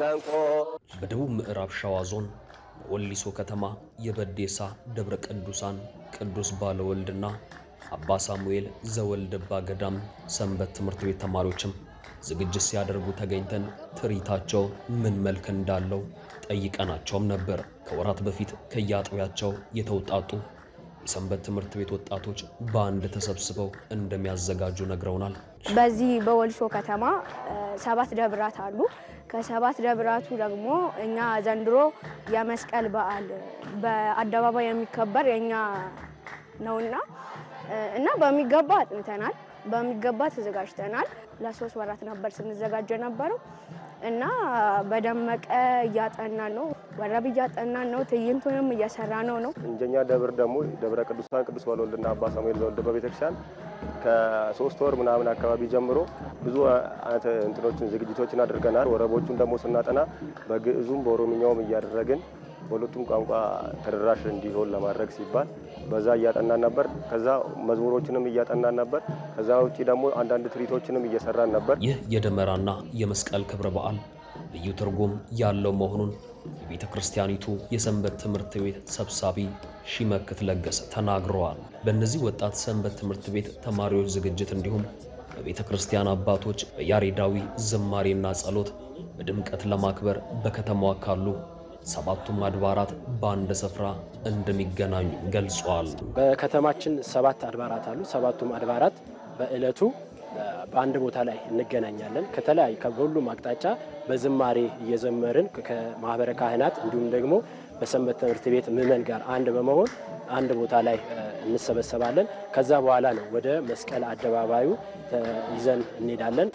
ተንቆ በደቡብ ምዕራብ ሸዋ ዞን ወሊሶ ከተማ የበዴሳ ደብረ ቅዱሳን ቅዱስ ባለወልድና አባ ሳሙኤል ዘወልደባ ገዳም ሰንበት ትምህርት ቤት ተማሪዎችም ዝግጅት ሲያደርጉ ተገኝተን ትርኢታቸው ምን መልክ እንዳለው ጠይቀናቸውም ነበር። ከወራት በፊት ከየአጥቢያቸው የተውጣጡ የሰንበት ትምህርት ቤት ወጣቶች በአንድ ተሰብስበው እንደሚያዘጋጁ ነግረውናል። በዚህ በወሊሶ ከተማ ሰባት ደብራት አሉ። ከሰባት ደብራቱ ደግሞ እኛ ዘንድሮ የመስቀል በዓል በአደባባይ የሚከበር የኛ ነውና እና በሚገባ አጥንተናል። በሚገባ ተዘጋጅተናል። ለሶስት ወራት ነበር ስንዘጋጀ ነበረው እና በደመቀ እያጠናን ነው፣ ወረብ እያጠናን ነው፣ ትዕይንቱንም እየሰራ ነው ነው እንጀኛ ደብር ደግሞ ደብረ ቅዱሳን ቅዱስ ወልወልድና አባ ሳሙኤል ዘወልደ በቤተክርስቲያን ከሶስት ወር ምናምን አካባቢ ጀምሮ ብዙ እንትኖችን ዝግጅቶችን አድርገናል። ወረቦቹን ደግሞ ስናጠና በግዕዙም በኦሮምኛውም እያደረግን በሁለቱም ቋንቋ ተደራሽ እንዲሆን ለማድረግ ሲባል በዛ እያጠናን ነበር። ከዛ መዝሙሮችንም እያጠናን ነበር። ከዛ ውጭ ደግሞ አንዳንድ ትርኢቶችንም እየሰራን ነበር። ይህ የደመራና የመስቀል ክብረ በዓል ልዩ ትርጉም ያለው መሆኑን የቤተ ክርስቲያኒቱ የሰንበት ትምህርት ቤት ሰብሳቢ ሺመክት ለገሰ ተናግረዋል። በእነዚህ ወጣት ሰንበት ትምህርት ቤት ተማሪዎች ዝግጅት እንዲሁም በቤተ ክርስቲያን አባቶች በያሬዳዊ ዝማሬና ጸሎት በድምቀት ለማክበር በከተማዋ ካሉ ሰባቱም አድባራት በአንድ ስፍራ እንደሚገናኙ ገልጿል። በከተማችን ሰባት አድባራት አሉ። ሰባቱም አድባራት በእለቱ በአንድ ቦታ ላይ እንገናኛለን። ከተለያዩ ከሁሉም አቅጣጫ በዝማሬ እየዘመርን ከማህበረ ካህናት እንዲሁም ደግሞ በሰንበት ትምህርት ቤት ምዕመን ጋር አንድ በመሆን አንድ ቦታ ላይ እንሰበሰባለን። ከዛ በኋላ ነው ወደ መስቀል አደባባዩ ይዘን እንሄዳለን።